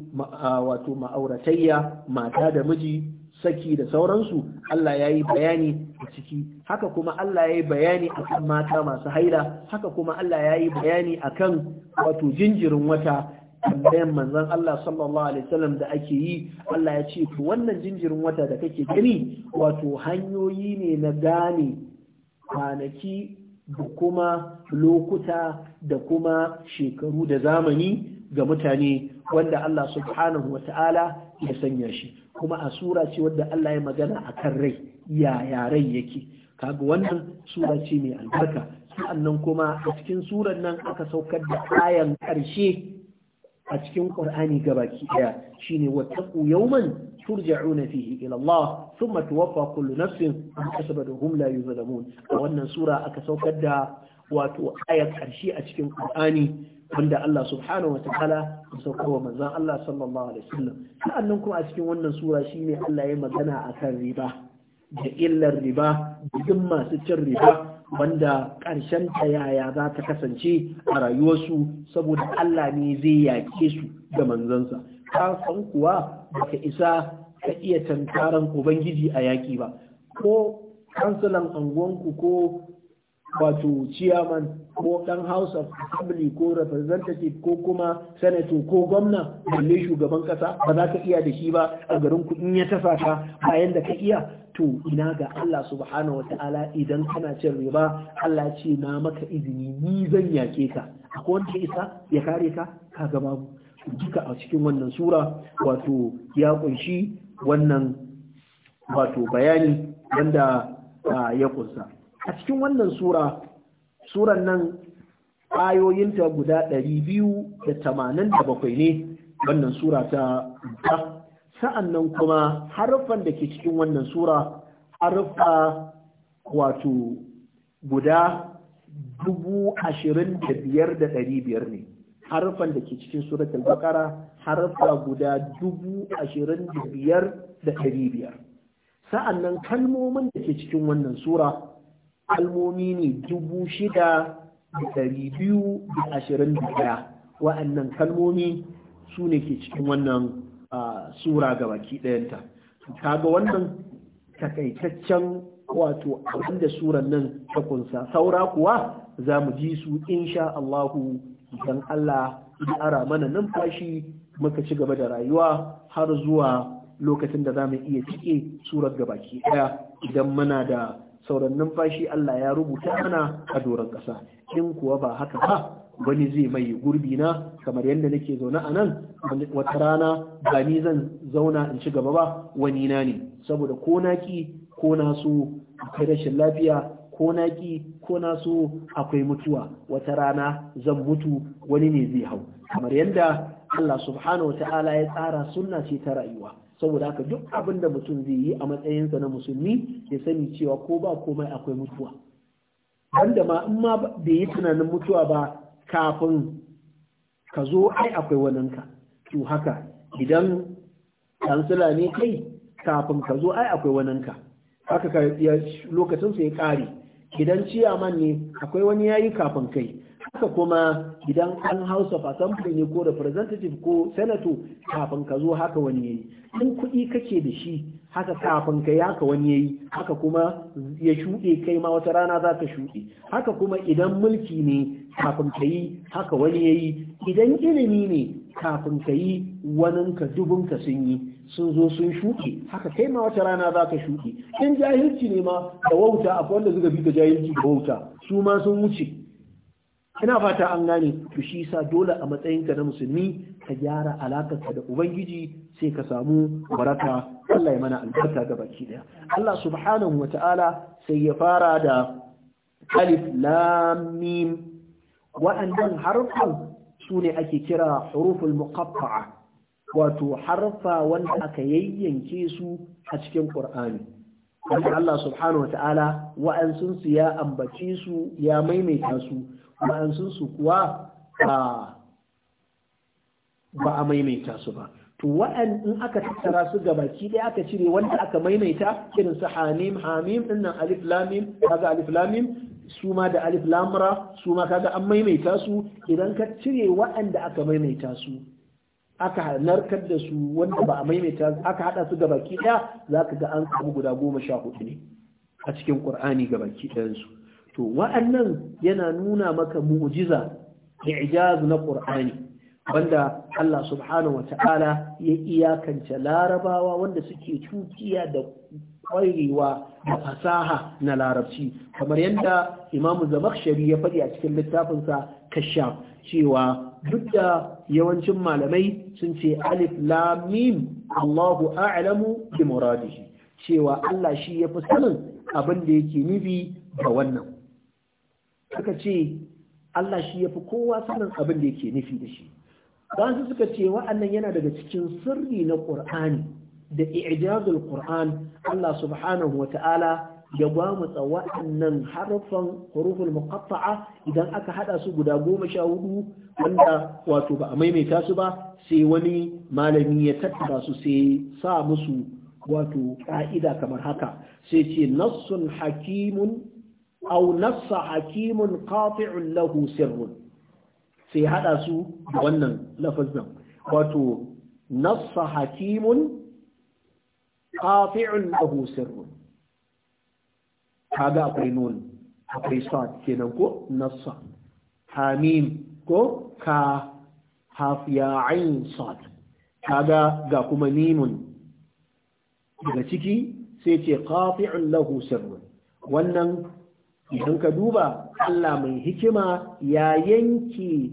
wato ma'auratayya mata da miji saki da sauransu Allah ya yi bayani a ciki haka kuma Allah ya yi bayani akan mata masu haila haka kuma Allah ya yi bayani akan wato jinjirin wata tambayan manzon Allah sallallahu alaihi wasallam da ake yi Allah ya ce wannan jinjirin wata da kake gani wato hanyoyi ne na gane kwanaki da kuma lokuta da kuma shekaru da zamani ga mutane wanda Allah subhanahu wa ta'ala ya sanya shi kuma a sura ce wadda Allah ya magana a kan rai yaya rai yake kaga wannan sura ce mai albarka sa'annan kuma a cikin surar nan aka saukar da ayan ƙarshe a cikin Qur'ani gabaki daya shine wata yawman turja'una fihi ilallah Allah thumma tuwaffa kullu nafsin ma da hum la A wannan sura aka saukar da wato ayar karshe a cikin Qur'ani wanda Allah subhanahu wa ta'ala ya saukar wa manzon Allah sallallahu alaihi wasallam sannan kuma a cikin wannan sura shi ne Allah ya magana akan riba da illar riba da masu cin riba wanda ƙarshen ta yaya za ta kasance a rayuwarsu saboda Allah ne zai yake su da manzansa ka san kuwa baka isa ka iya tankaran ubangiji a yaƙi ba ko kansilan anguwanku ko wato ciyaman, ko ɗan house of assembly ko representative ko kuma senator ko gwamna balle shugaban ƙasa, ba za ka iya da shi ba a garin in ya tasa ka bayan da ka iya to ina ga Allah subhanahu wata'ala idan kana cin riba Allah ce na maka izini ni zan yake ka akwai wanda isa ya kare ka ka ga duka a cikin wannan sura wato ya kunshi wannan wato bayani wanda ya kunsa a cikin wannan sura suran nan ayoyinta guda 287 ne wannan sura ta sa'annan kuma harfan da ke cikin wannan sura harfa wato guda dubu ashirin da biyar da ɗari biyar ne Harfan da ke cikin suratul bakara harfa guda dubu ashirin da biyar da ɗari biyar sa'annan kalmomin da ke cikin wannan sura kalmomi ne dubu shida da ɗari biyu da ashirin da ɗaya wa'annan kalmomi su ne ke cikin wannan a sura ga baki ɗayanta ga wannan takaitaccen wato abin da suran nan ta kunsa saura kuwa za mu ji su insha Allahu idan Allah ya ara mana numfashi muka ci gaba da rayuwa har zuwa lokacin da za mu iya cike surar ga baki ɗaya idan muna da sauran numfashi Allah ya rubuta mana a doron ƙasa in kuwa ba haka ba wani zai mai gurbi na kamar yadda nake zaune a nan wata rana ba ni zan zauna in ci gaba ba wani na ne saboda ko na ki ko na so akwai rashin lafiya ko na ki ko na so akwai mutuwa wata rana zan mutu wani ne zai hau kamar yadda Allah subhanahu wata'ala ya tsara sunna ce ta rayuwa saboda haka duk abin da mutum zai yi a matsayinsa na musulmi ya sani cewa ko ba komai akwai mutuwa wanda ma in ma bai yi tunanin mutuwa ba kafin ka zo ai akwai waninka to haka idan kansila ne kai kafin ka zo ai akwai waninka haka ka lokacin sai kare idan ciyaman ne akwai wani yayi kafin kai haka kuma idan an house of assembly ne ko representative ko senator kafin ka zo haka wani yayi in kuɗi kake da shi haka kafin ka yaka wani yayi haka kuma ya shuɗe kai ma wata rana za ka shuɗe haka kuma idan mulki ne kafin ka yi haka wani ya yi idan ilimi ne kafin ka yi waninka dubunka sun yi sun zo sun shuke haka kai ma wata rana za ka shuke in jahilci ne ma da wauta akwai wanda suka bi ka jahilci da wauta su ma sun wuce ina fata an gane to shi sa dole a matsayinka na musulmi ka gyara ka da ubangiji sai ka samu baraka Allah ya mana albarka ga baki daya Allah subhanahu wata'ala sai ya fara da alif lam mim waɗannan harfan su ne ake kira huruful muqaffa'a wato harfa wanda aka yayyanke su a cikin ƙur'ani wanda Allah subhanahu wa ta'ala wa'ansun su ya ambace su ya maimaita su wa'ansun su kuwa ba a maimaita su ba to wa'an in aka tattara su ga baki ɗaya aka cire wanda aka maimaita irin su hamim hamim din nan alif lam kaga alif su ma da alif lamra su ma kaga an maimaita su idan ka cire waɗanda aka maimaita su aka narkar da su wanda ba a maimaita aka hada su ga baki daya ka ga an samu guda goma sha hudu ne a cikin ƙur'ani ga baki ɗayan su to wa'annan yana nuna maka mu'jiza i'jaz na ƙur'ani wanda Allah subhanahu wa ta'ala ya iyakance larabawa wanda suke cukiya da ƙwarewa da fasaha na larabci kamar yadda imamu zamakshari ya faɗi a cikin littafinsa kashaf cewa duk da yawancin malamai sun ce alif lam mim Allahu a'lamu bi muradihi cewa Allah shi ya fi sanin abin da yake nufi da wannan aka ce Allah shi ya fi kowa sanin abin da yake nufi da shi dan suka ce wa'annan yana daga cikin sirri na ƙur'ani da i'jazul Qur'an Allah subhanahu wata'ala ya gwamutsa wa'annan harfan huruful muqatta'a idan aka hada su guda goma sha hudu wanda wato ba a maimaita su ba sai wani malami ya tattara su sai sa musu wato ka'ida kamar haka sai ce nassun hakimun aw nassa hakimun qati'un lahu sirrun sai haɗa su da wannan lafazin wato nassa hakimun qati'un lahu sirrun kaga akwai nun akwai sa kenan ko nassa hamim ko ka hafiya sad kaga ga kuma mimun daga ciki sai ce qati'un lahu sirrun wannan idan ka duba Allah mai hikima ya yanke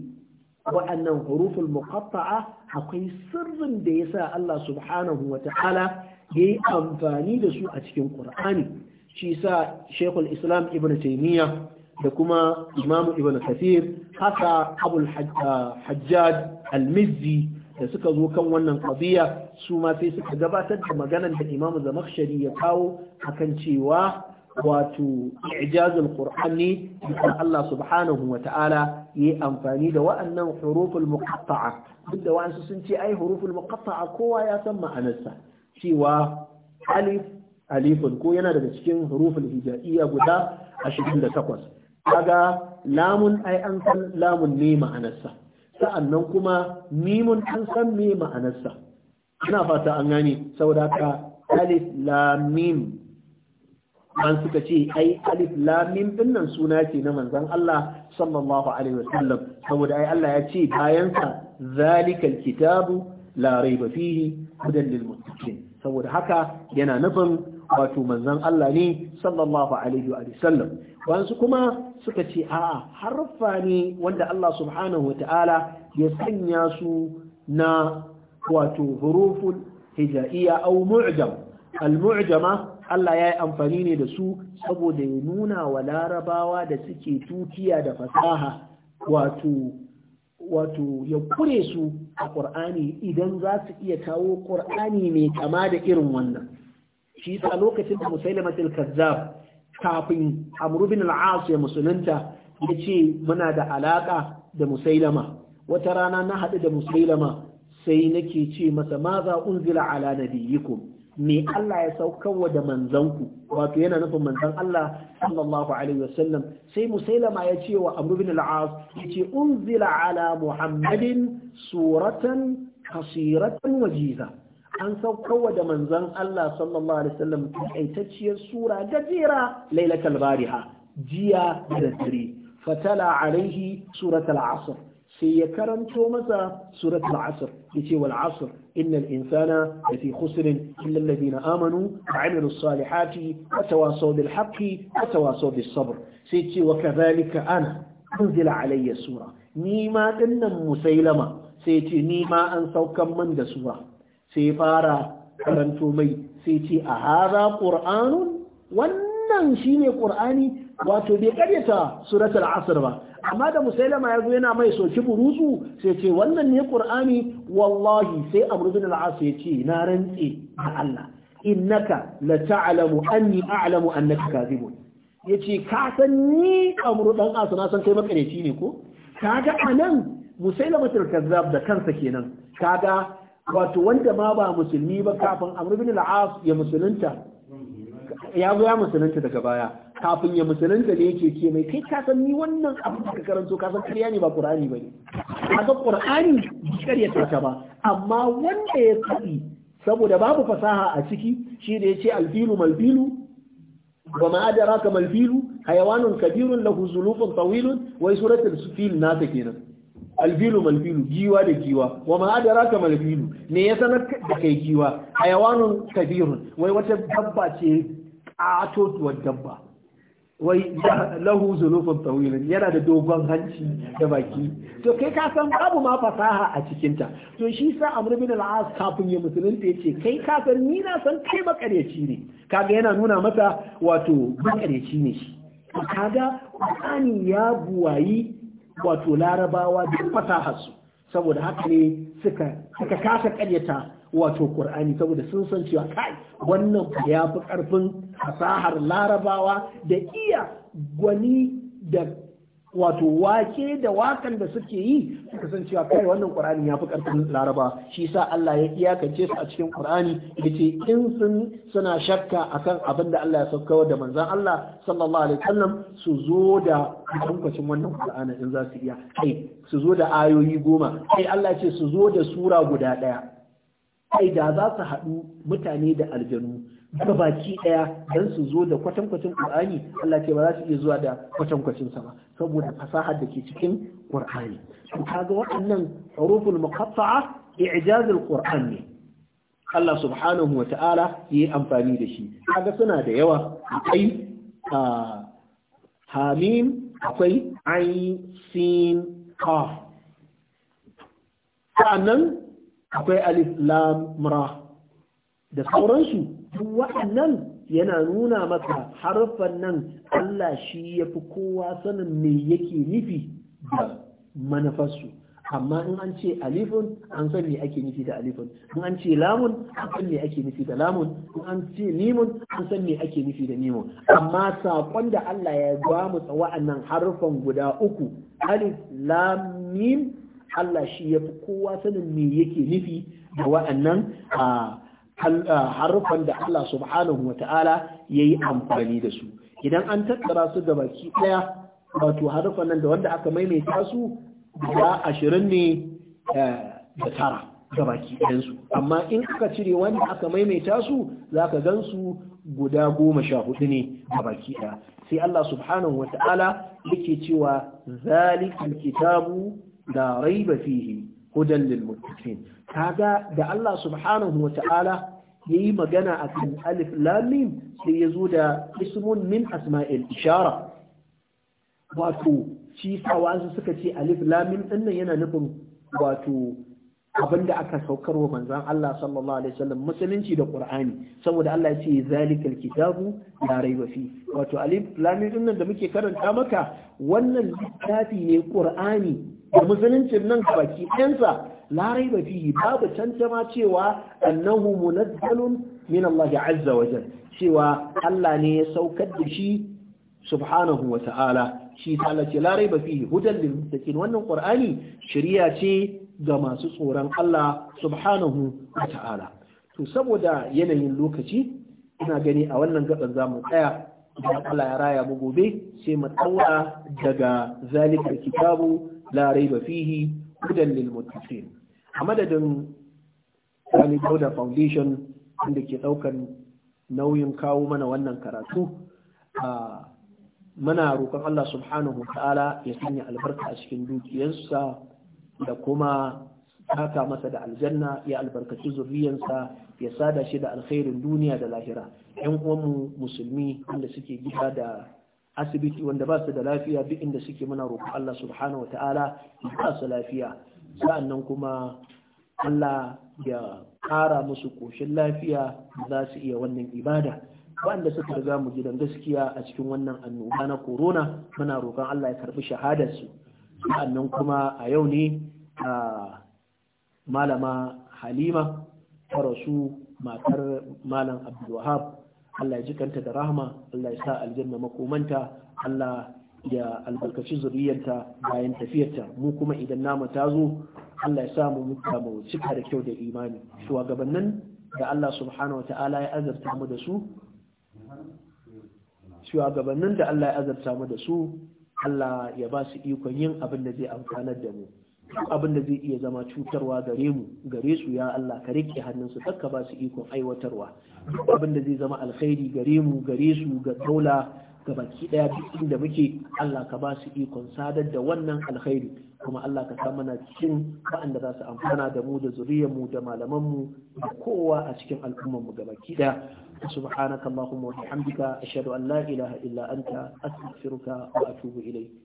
waɗannan huruful muqatta'a akwai sirrin da yasa Allah subhanahu wa ta'ala yayi amfani da su a cikin Qur'ani shi sa Sheikhul Islam Ibn Taymiyyah da kuma Imam Ibn Kathir haka Abul ah, Hajjaj Al-Mizzi da suka zo kan wannan qadiya su ma sai suka gabatar da maganar da Imam Zamakhshari ya kawo akan cewa wato ijazul qur'ani da Allah subhanahu wa ta'ala yi amfani da wa'annan huruful muqatta'a duk da wa'ansu sun ce ai huruful muqatta'a kowa ya san ma'anarsa cewa alif alifun ko yana daga cikin huruful hijaiyya guda 28 kaga lamun ai an san lamun ne ma'anarsa sa'annan kuma mimun an san me ma'anarsa ina fata an gane saboda ka alif lam mim an suka ce ai alif lamim dinnan suna ce na manzon Allah sallallahu alaihi wasallam saboda ai Allah ya ce bayan sa zalikal kitabu la raiba fihi hudan lil muttaqin saboda haka yana nufin wato manzon Allah ne sallallahu alaihi wa sallam wasu kuma suka ce a'a harfa ne wanda Allah subhanahu wataala ya sanya su na wato huruful hijaiya au mu'jam al mu'jama Allah ya yi amfani ne da su saboda ya nuna wa larabawa da suke tukiya da fasaha wato wato ya kure su a ƙur'ani idan za su iya kawo ƙur'ani mai kama da irin wannan shi sa lokacin da musailamatul kazzab kafin amru bin ya musulunta, ya ce muna da alaƙa da musailama wata rana na haɗu da musailama sai nake ce masa ma za unzila ala nabiyikum me Allah ya saukarwa da manzanku wato yana nufin manzan Allah sallallahu alaihi wasallam sai musailama ya ce wa amru bin al-as yace unzila ala muhammadin suratan kasiratan wajiza an saukarwa da manzan Allah sallallahu alaihi wasallam aitacciyar sura gajera lailatul bariha jiya da dare fatala alaihi suratul asr sai ya karanto masa surat al-asr yace wal asr innal insana lafi In illa na amanu wa amilus salihati wa tawasaw bil haqqi wa tawasaw bis sabr sai ce wa kadhalika ana unzila alayya sura ni ma dinnan musailama sai ce ni ma an saukan man da sura sai fara karanto mai sai ce a hadha qur'anun wannan wannan shine qur'ani wato bai karyata suratul asr ba amma da musailama ya zo yana mai soki burutsu sai ce wannan ne qur'ani wallahi sai amr bin al-as ya ce na rantse da Allah innaka la ta'lamu anni a'lamu annaka kadhibun yace ka san ni amr dan as na san kai makareci ne ko kaga anan musailama al-kazzab da kansa kenan kaga wato wanda ma ba musulmi ba kafin amr bin al ya musulunta ya zo ya musulunta daga baya kafin ya musulunta ne yake ke mai kai ka san ni wannan abun da karanto ka san ƙarya ne ba Qur'ani bane kaga Qur'ani ya ta ba amma wanda ya tsari saboda babu fasaha a ciki shi da yace alfilu malfilu wa ma adraka malfilu hayawanun kabirun lahu zulufun tawilun wai suratul fil nata kenan albilu malbilu giwa da giwa wa ma adraka malbilu ne ya sanar da kai giwa hayawanun kabirun wai wata dabba ce atotuwar dabba wai lahu zunufin tawilin yana da dogon hanci da baki to kai ka san babu ma fasaha a cikinta to shi sa amr bin al-as kafin ya musulunta ya ce kai ka san ni na san kai makaryaci ne kaga yana nuna mata wato makaryaci ne shi kaga Qur'ani ya buwayi wato larabawa duk su saboda haka ne suka kasa karyata wato Qur'ani saboda sun san cewa kai wannan ya fi karfin fasahar larabawa da iya gwani da wato wake da wakan da suke yi suka san cewa kai wannan Qur'ani ya fi karfin larabawa shi sa Allah ya iyakance su a cikin Qur'ani yace in sun suna shakka akan abin da Allah ya sauka da manzon Allah sallallahu alaihi wasallam su zo da tankwacin wannan Qur'ani in za su iya kai su zo da ayoyi goma kai Allah ce su zo da sura guda ɗaya. kai da za su haɗu mutane da aljanu ga baki ɗaya don su zo da kwatankwacin ƙur'ani Allah ce ba za su iya zuwa da kwatankwacin sa ba saboda fasahar da ke cikin ƙur'ani to kaga waɗannan huruful muqatta'a i'jazul qur'an ne Allah subhanahu wa ta'ala ya yi amfani da shi kaga suna da yawa akwai hamim akwai ain sin qaf sa'annan akwai alif lam ra da sauransu duk waɗannan yana nuna maka harfan nan Allah shi ya fi kowa sanin me yake nufi da manufarsu amma in an ce alifun an san me ake nufi da alifun in an ce lamun an san me ake nufi da lamun in an ce nimun an san me ake nufi da nimun amma saƙon da Allah ya ba mu wa'annan harfan guda uku alif lam mim Allah shi ya fi kowa sanin me yake nufi da wa'annan harufan da Allah subhanahu wa ta'ala ya yi amfani da su idan an tattara su ga baki ɗaya wato harufan nan da wanda aka maimaita su guda ashirin ne eh, da tara ga baki ɗayansu amma in aka cire wanda aka maimaita su za ka gan su guda goma sha hudu ne ga baki ɗaya sai Allah subhanahu wa ta'ala yake cewa zalikal kitabu la raiba fihi hudan lil muttaqin kaga da Allah subhanahu wa ta'ala yayi magana akan alif lam mim sai yazo da ismun min asma'il ishara wato shi sa su suka ce alif lam mim din nan yana nufin wato abin da aka saukar wa manzan Allah sallallahu alaihi wasallam musulunci da ƙur'ani saboda Allah ya ce zalikal kitabu ya raiba fi wato alif lam nan da muke karanta maka wannan littafi ne ƙur'ani da musuluncin nan baki ɗansa la raiba fi babu tantama cewa annahu munazzalun min Allah azza wa jalla cewa Allah ne ya saukar da shi subhanahu wa ta'ala shi ta ce la raiba fi hudan lil muttaqin wannan Qur'ani shari'a ce ga masu tsoron Allah subhanahu wa ta'ala to saboda yanayin lokaci ina gani a wannan gaban za mu tsaya idan Allah ya raya mu gobe sai mu daura daga zalikar kitabu Larai Bafihi, fihi hudan lil muttaqin a madadin Sani Dauda Foundation inda ke ɗaukar nauyin kawo mana wannan karatu a muna roƙon Allah subhanahu wa ta'ala ya sanya albarka a cikin dukiyarsa da kuma haka masa da aljanna ya albarkaci zurriyansa ya sada shi da alkhairin duniya da lahira yan uwanmu musulmi wanda suke gida da asibiti wanda ba su da lafiya duk inda suke muna roƙo Allah subhanahu wa ta'ala ba su lafiya sa'annan kuma Allah ya ƙara musu ƙoshin lafiya za su iya wannan ibada wanda suka riga mu gidan gaskiya a cikin wannan annoba na corona muna roƙon Allah ya karɓi shahadarsu sa'annan kuma a yau ne a malama halima ta rasu matar malam abdulwahab Allah ya ji kanta da rahama Allah ya sa aljanna makomanta Allah ya albarkaci zuriyarta bayan tafiyarta mu kuma idan namu ta zo Allah ya sa mu muta mu cika da kyau da imani shugabannin da Allah subhanahu wata'ala ya azarta mu da su shugabannin da Allah ya azarta mu da su Allah ya ba su ikon yin abin da zai amfanar da mu duk abin da zai iya zama cutarwa gare mu gare su ya Allah ka rike hannunsu ka ba su ikon aiwatarwa duk abin da zai zama alkhairi gare mu gare su ga daula ga baki daya duk inda muke Allah ka ba su ikon sadar da wannan alkhairi kuma Allah ka sa mana cikin waɗanda za su amfana da mu da zuriyarmu da malamanmu da kowa a cikin al'ummarmu gabaki da subhanaka allahumma wa bihamdika ashhadu an la ilaha illa anta astaghfiruka wa atubu ilayk